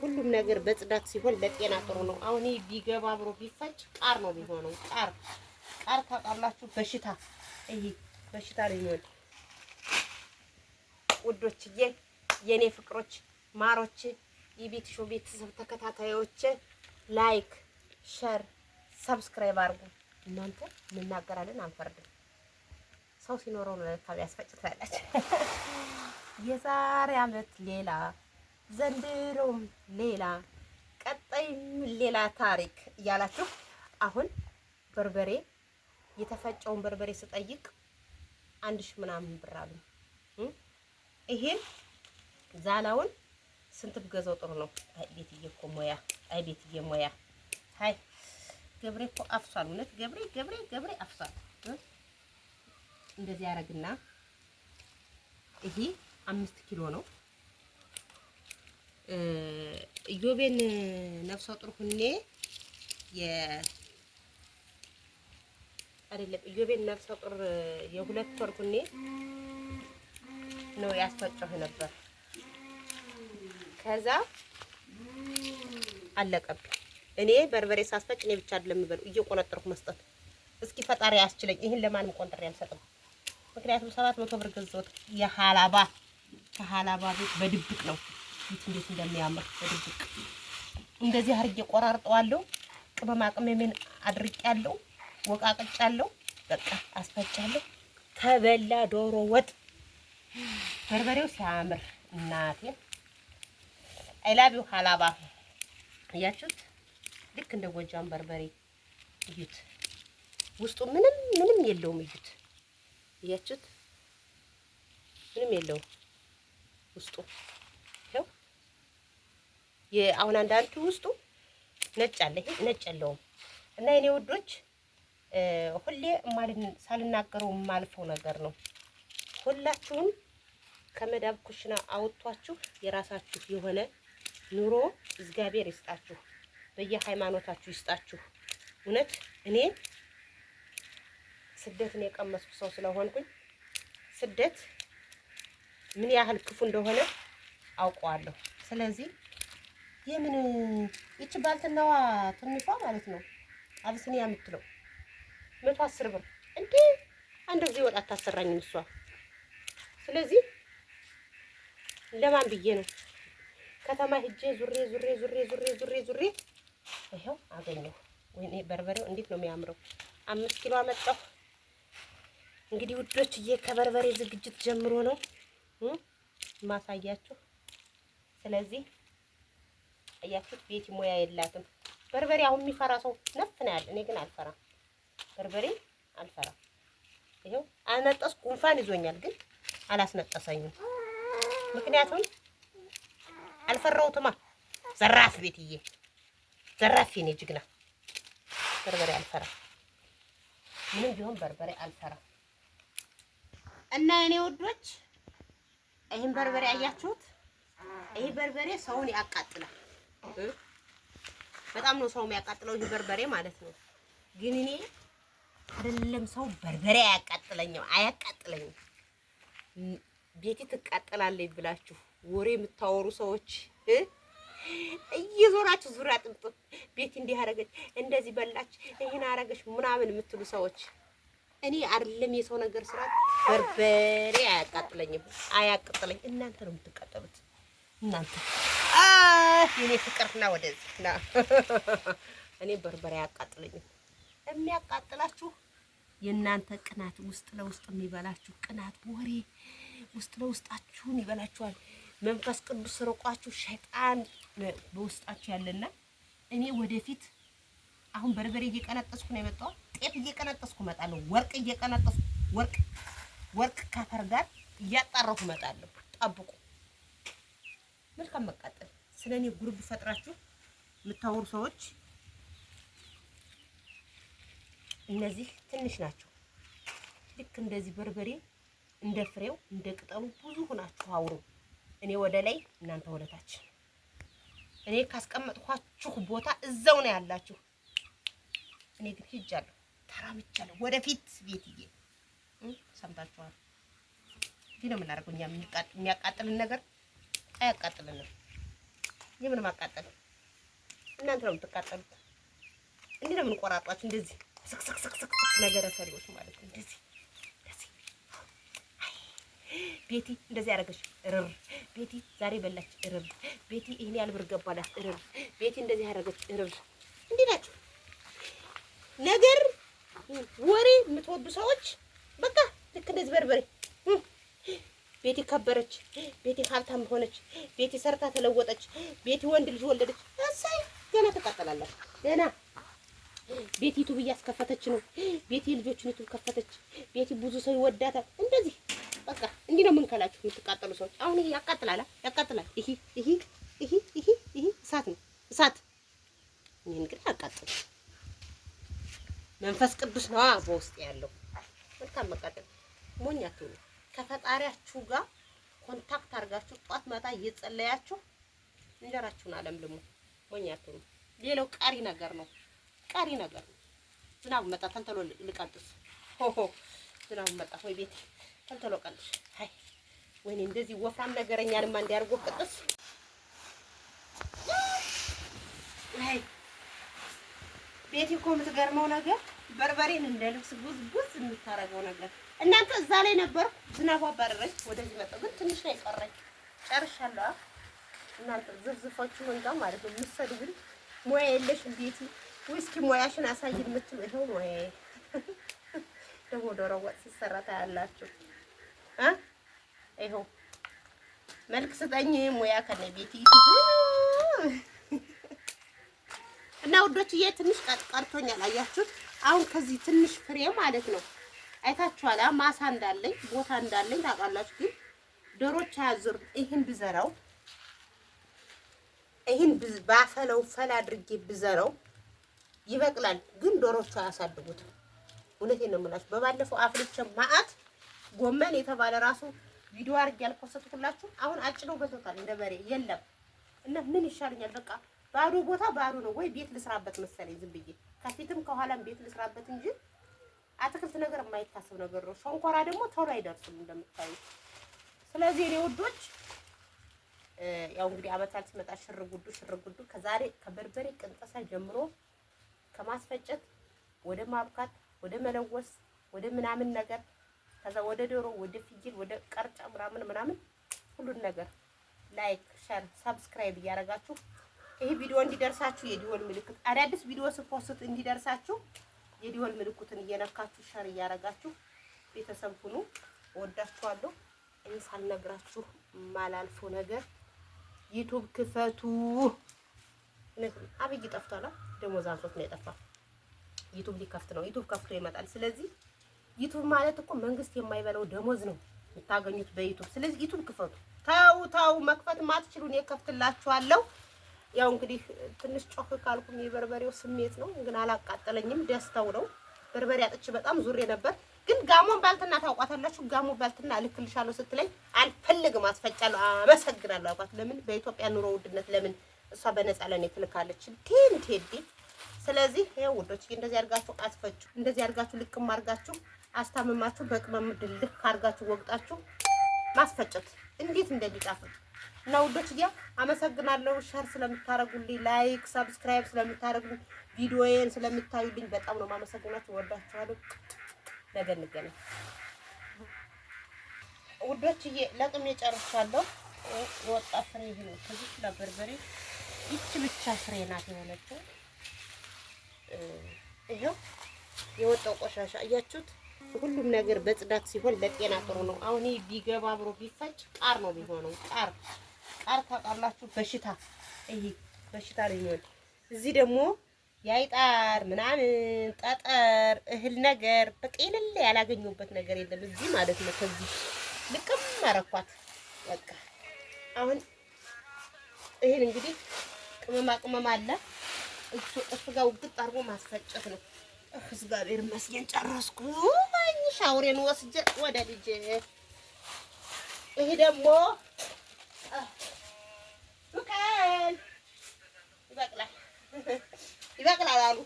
ሁሉም ነገር በጽዳት ሲሆን ለጤና ጥሩ ነው። አሁን ይሄ ቢገባ አብሮ ቢፈጭ ቃር ነው የሚሆነው። ቃር ቃር ታውቃላችሁ፣ በሽታ ይሄ በሽታ ነው የሚሆን። ውዶችዬ፣ የኔ ፍቅሮች፣ ማሮች፣ የቤት ሾው ቤተሰብ ተከታታዮች ላይክ፣ ሸር፣ ሰብስክራይብ አድርጉ። እናንተ እንናገራለን፣ አንፈርድም። ሰው ሲኖረው ነው ለካ የዛሬ አመት ሌላ ዘንድሮም ሌላ ቀጣይም ሌላ ታሪክ እያላችሁ አሁን በርበሬ የተፈጨውን በርበሬ ስጠይቅ አንድ ሺህ ምናምን ብር አሉ። ይሄን ዛላውን ስንት ብገዛው ጥሩ ነው? አይ ቤትዬ እኮ ሞያ፣ አይ ቤትዬ ሞያ፣ አይ ገብሬ እኮ አፍሷል። እውነት ገብሬ ገብሬ ገብሬ አፍሷል። እንደዚህ ያደርግና ይሄ አምስት ኪሎ ነው። እዮቤን ነፍሰ ጡር ሁኔ አይደለም እዮቤን ነፍሰ ጡር የሁለት ወር ሁኔ ነው ያስፈጨሁ ነበር። ከዛ አለቀብኝ። እኔ በርበሬ ሳስፈጭ እኔ ብቻ አይደለም የምበለው እየቆነጠርኩ መስጠት። እስኪ ፈጣሪ ያስችለኝ። ይህን ለማንም ቆንጥሬ አልሰጥም። ምክንያቱም ሰባት መቶ ብር ገዛሁት የሀላባ ከሀላባ ቤት በድብቅ ነው እዩት እንዴት እንደሚያምር በድብቅ እንደዚህ አድርጌ ቆራርጠዋለሁ። ቅመማ ቅመሜን አድርቄያለሁ፣ ወቃቅጫለሁ፣ በቃ አስፈጫለሁ። ተበላ ዶሮ ወጥ በርበሬው ሲያምር እናቴ አይላቢው ሀላባ እያችሁት ልክ እንደ ጎጃም በርበሬ እዩት። ውስጡ ምንም ምንም የለውም። እዩት እያችሁት ምንም የለውም ውስጡ አሁን አንዳንዱ ውስጡ ነጭ አለ፣ ይሄ ነጭ የለውም። እና የኔ ውዶች ሁሌ ሳልናገረው የማልፈው ነገር ነው። ሁላችሁም ከመዳብ ኩሽና አውጥቷችሁ የራሳችሁ የሆነ ኑሮ እግዚአብሔር ይስጣችሁ፣ በየሃይማኖታችሁ ይስጣችሁ። እውነት እኔ ስደትን የቀመስኩ ሰው ስለሆንኩኝ ስደት ምን ያህል ክፉ እንደሆነ አውቀዋለሁ። ስለዚህ የምን ይቺ ባልትናዋ ትንሿ ማለት ነው አብስኒያ የምትለው መቶ አስር ብር እንዴ! አንድ ጊዜ ወጥ እሷ። ስለዚህ ለማን ብዬ ነው ከተማ ሂጄ ዙሬ ዙሬ ዙሬ ዙሬ ዙሬ ዙሬ ይኸው አገኘሁ። ወይኔ በርበሬው እንዴት ነው የሚያምረው! አምስት ኪሎ አመጣሁ። እንግዲህ ውዶችዬ ከበርበሬ ዝግጅት ጀምሮ ነው ማሳያችሁ። ስለዚህ አያችሁት? ቤቲ ሙያ የላትም። በርበሬ አሁን የሚፈራ ሰው ነፍ ነው ያለ። እኔ ግን አልፈራም፣ በርበሬ አልፈራም። ይሄው አነጠስ ጉንፋን ይዞኛል፣ ግን አላስነጠሰኝም። ምክንያቱም አልፈራሁትማ። ዘራፍ ቤትዬ፣ ዘራፍ የኔ ጅግና። በርበሬ አልፈራም፣ ምንም ቢሆን በርበሬ አልፈራም። እና የኔ ውዶች ይህን በርበሬ አያችሁት? ይህ በርበሬ ሰውን ያቃጥላል። በጣም ነው ሰው የሚያቃጥለው ይህ በርበሬ ማለት ነው። ግን እኔ አይደለም ሰው በርበሬ አያቃጥለኝም አያቃጥለኝም። ቤቴ ትቃጠላለች ብላችሁ ወሬ የምታወሩ ሰዎች እየዞራችሁ ዙሪያ ጥምጥም ቤት እንዲህ እንደዚህ በላች፣ ይሄን አደረገች ምናምን የምትሉ ሰዎች እኔ አይደለም የሰው ነገር ስራ በርበሬ አያቃጥለኝም አያቃጥለኝ። እናንተ ነው የምትቃጠሉት እናንተ የኔ ፍቅር ና ወደዚህ ና። እኔ በርበሬ አያቃጥለኝም። የሚያቃጥላችሁ የእናንተ ቅናት፣ ውስጥ ለውስጥ የሚበላችሁ ቅናት፣ ወሬ ውስጥ ለውስጣችሁን ይበላችኋል። መንፈስ ቅዱስ ርቋችሁ ሸይጣን በውስጣችሁ ያለና እኔ ወደፊት አሁን በርበሬ እየቀነጠስኩ ነው የመጣሁት። ጤፍ እየቀነጠስኩ እመጣለሁ። ወርቅ እየቀነጠስኩ ወርቅ ወርቅ ከአፈር ጋር እያጣራሁ እመጣለሁ። ጠብቁ። መልካም መቃጠል ስለ እኔ ጉርብ ፈጥራችሁ የምታወሩ ሰዎች እነዚህ ትንሽ ናቸው። ልክ እንደዚህ በርበሬ እንደ ፍሬው እንደ ቅጠሉ ብዙ ሆናችሁ አውሩ። እኔ ወደ ላይ እናንተ ወደ ታች። እኔ ካስቀመጥኳችሁ ቦታ እዛው ነው ያላችሁ። እኔ ግን ሂጃለሁ፣ ተራምጃለሁ ወደፊት ቤትዬ። ሰምታችኋል። ይህ ነው የምናደርገው እኛ የሚያቃጥልን ነገር አያቃጥልንም። የምን ማቃጠል? እናንተ ነው የምትቃጠሉት። እንዲህ ነው የምንቆራጧችሁ። እንደዚህ ስቅስቅስቅስቅ ነገረ ሰሪዎች ማለት ነው። እንደዚህ ቤቲ እንደዚህ ያደረገች እርር፣ ቤቲ ዛሬ በላች እርር፣ ቤቲ ይህን ያህል ብር ገባላት እርር፣ ቤቲ እንደዚህ ያደረገች እርር። እንዲህ ናቸው ነገር ወሬ የምትወዱ ሰዎች በቃ ልክ እንደዚህ በርበሬ ቤቴ ከበረች፣ ቤቴ ሀብታም ሆነች፣ ቤቴ ሰርታ ተለወጠች፣ ቤቴ ወንድ ልጅ ወለደች። እሰይ ገና ትቀጥላለች። ገና ቤቲ ዩቱብ እያስከፈተች ነው። ቤቴ ልጆችን ዩቱብ ከፈተች። ቤቲ ብዙ ሰው ይወዳታል። እንደዚህ በቃ እንዲህ ነው የምንከላችሁ የምትቃጠሉ ሰዎች። አሁን ይሄ ያቃጥላል፣ ያቃጥላል። ይሄ ይሄ ይሄ ይሄ ይሄ እሳት ነው እሳት። ይሄን ግን አቃጥሉ። መንፈስ ቅዱስ ነው በውስጥ ያለው። መልካም መቃጠል ሞኝ አትሆኑ። ከፈጣሪያችሁ ጋር ኮንታክት አድርጋችሁ ጧት ማታ እየጸለያችሁ እንጀራችሁን አለምልሙ። ሞኛችሁ ሌላው ቀሪ ነገር ነው፣ ቀሪ ነገር ነው። ዝናቡ መጣ፣ ተንተሎ ልቀንጥስ። ሆሆ ዝናቡ መጣ። ወይ ቤት ተንተሎ ቀንጥስ። አይ ወይኔ እንደዚህ ወፍራም ነገረኛንማ እንዲያርጎ ቅጥስ። ቤት እኮ የምትገርመው ነገር በርበሬን እንደ ልብስ ጉዝጉዝ የምታረገው ነገር እናንተ እዛ ላይ ነበር። ዝናቡ አባረረኝ፣ ወደዚህ መጣሁ። ግን ትንሽ ነው የቀረኝ። ጨርሻለሁ። እናንተ ዝብዝፎቹ እንጃው ማለት ነው የምትሰድቡኝ። ሙያ የለሽ ቤቲ፣ እስኪ ሙያሽን አሳይን የምትሉ ይኸው ወይ ደግሞ ዶሮ ወጥ ሲሰራ ታያላችሁ። ይኸው መልክ ስጠኝ ሙያ ከነ ቤቲ እና ውዶችዬ፣ ትንሽ ቀርቶኛል። አያችሁት? አሁን ከዚህ ትንሽ ፍሬ ማለት ነው አይታችኋል። ማሳ እንዳለኝ ቦታ እንዳለኝ ታውቃላችሁ። ግን ዶሮች አያዞርም። ይህን ብዘራው ይህን ባፈለው ፈላ አድርጌ ብዘራው ይበቅላል። ግን ዶሮቹ አያሳድጉትም። እውነቴን ነው የምላችሁ። በባለፈው አፍልቼ ማአት ጎመን የተባለ ራሱ ቪዲዮ አድርጌ ያልኮሰትኩላችሁ አሁን አጭደውበታል። እንደ በሬ የለም እና ምን ይሻለኛል? በቃ ባዶ ቦታ ባዶ ነው ወይ ቤት ልስራበት መሰለኝ። ዝም ብዬ ከፊትም ከኋላም ቤት ልስራበት እንጂ አትክልት ነገር የማይታሰብ ነገር ነው። ሸንኮራ ደግሞ ቶሎ አይደርስም እንደምታዩ። ስለዚህ እኔ ውዶች ያው እንግዲህ አመታል ሲመጣ ሽር ጉዱ ሽር ጉዱ ከዛሬ ከበርበሬ ቅንጠሳ ጀምሮ ከማስፈጨት ወደ ማብካት ወደ መለወስ ወደ ምናምን ነገር ከዛ ወደ ዶሮ ወደ ፍየል ወደ ቀርጫ ምናምን ምናምን ሁሉን ነገር ላይክ፣ ሸር፣ ሰብስክራይብ እያደረጋችሁ ይህ ቪዲዮ እንዲደርሳችሁ የዲሆን ምልክት አዳዲስ ቪዲዮ ስፖስት እንዲደርሳችሁ የዲሆን ምልክቱን እየነካችሁ ሸር እያረጋችሁ ቤተሰብ ሁኑ። ወዳችኋለሁ። እኔ ሳልነግራችሁ ማላልፎ ነገር ዩቱብ ክፈቱ። አብይ ጠፍቷል። ደግሞ አንሶት ነው የጠፋ። ዩቱብ ሊከፍት ነው። ዩቱብ ከፍቶ ይመጣል። ስለዚህ ዩቱብ ማለት እኮ መንግስት የማይበላው ደሞዝ ነው የምታገኙት በዩቱብ። ስለዚህ ዩቱብ ክፈቱ። ተው ተው፣ መክፈት ማትችሉ እኔ ከፍትላችኋለሁ። ያው እንግዲህ ትንሽ ጮህ ካልኩም የበርበሬው ስሜት ነው፣ ግን አላቃጠለኝም። ደስታው ነው። በርበሬ አጥቼ በጣም ዙሬ ነበር። ግን ጋሞን ባልትና ታውቋታላችሁ። ጋሞን ባልትና እልክልሻለሁ ስትለኝ አልፈልግም፣ አስፈጫለሁ፣ አመሰግናለሁ አልኳት። ለምን በኢትዮጵያ ኑሮ ውድነት ለምን እሷ በነፃ ለኔ ትልካለች? ዲን ቴዲ። ስለዚህ ይኸው ውዶች እንደዚህ አድርጋችሁ አስፈጩ። እንደዚህ አድርጋችሁ ልክም አድርጋችሁ አስታምማችሁ በቅመም ድልህ አድርጋችሁ ወቅጣችሁ ማስፈጨት እንዴት እንደሚጣፍጥ እና ውዶች ያ አመሰግናለሁ። ሸር ስለምታደርጉልኝ፣ ላይክ ሰብስክራይብ ስለምታደርጉልኝ፣ ቪዲዮዬን ስለምታዩልኝ በጣም ነው ማመሰግናችሁ። ወዳችኋለሁ። ነገ እንገናኝ ውዶችዬ። ለቅሜ ጨርሻለሁ። የወጣ ፍሬ ነው ከዚህ ለበርበሬ ይቺ ብቻ ፍሬ ናት የሆነችው። ይኸው የወጣው ቆሻሻ እያችሁት ሁሉም ነገር በጽዳት ሲሆን ለጤና ጥሩ ነው። አሁን ይሄ ቢገባ አብሮ ቢፈጭ ቃር ነው የሚሆነው። ቃር ቃር ታውቃላችሁ፣ በሽታ ይሄ በሽታ ነው የሚሆን። እዚህ ደግሞ ያይጣር ምናምን ጠጠር እህል ነገር በቀለል ያላገኘሁበት ነገር የለም እዚህ ማለት ነው። ከዚህ ልቅም አረኳት በቃ። አሁን ይሄን እንግዲህ ቅመማ ቅመም አለ እሱ እሱ ጋር ውግጥ አድርጎ ማስፈጨት ነው። እግዚአብሔር ይመስገን ጨረስኩ። አለኝ። ሻውሬን ወስጄ ወደ ልጄ ይሄ ደግሞ ይበቅላል ይበቅላል አሉ